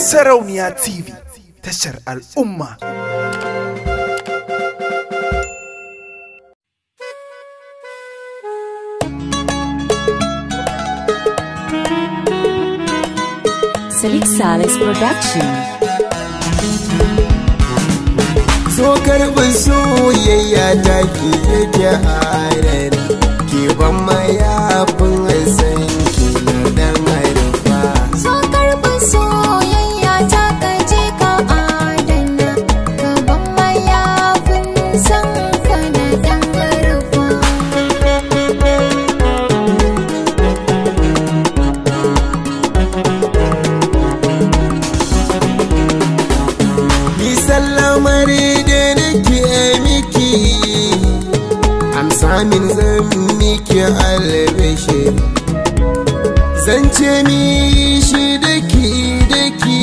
Sarauniya TV tashar al'umma. Salik Salis Production Zo karbin soyayya ta ke ɗaya. a amin zan miki albishi zan ce shi daki daki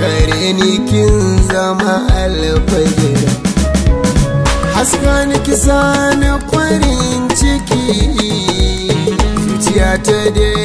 gare ni kin zama alfajira haska ni kisa kwarin ciki zuciya ta dai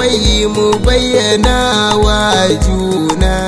wai mu bayyana wa juna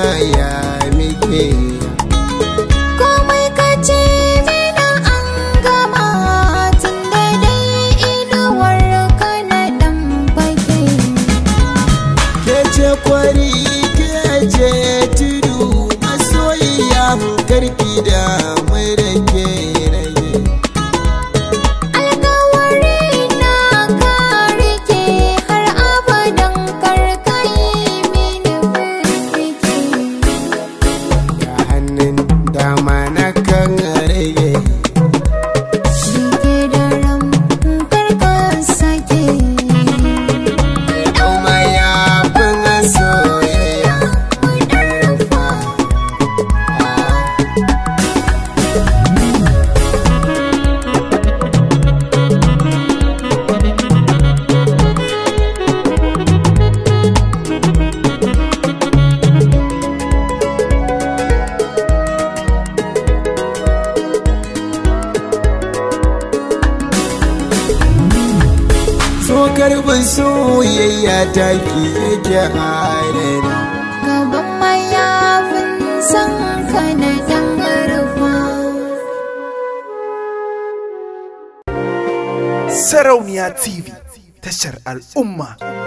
garbin soyayya ta ki yake harara gaban mayafin san ka na dan garba sarauniya tv tashar al'umma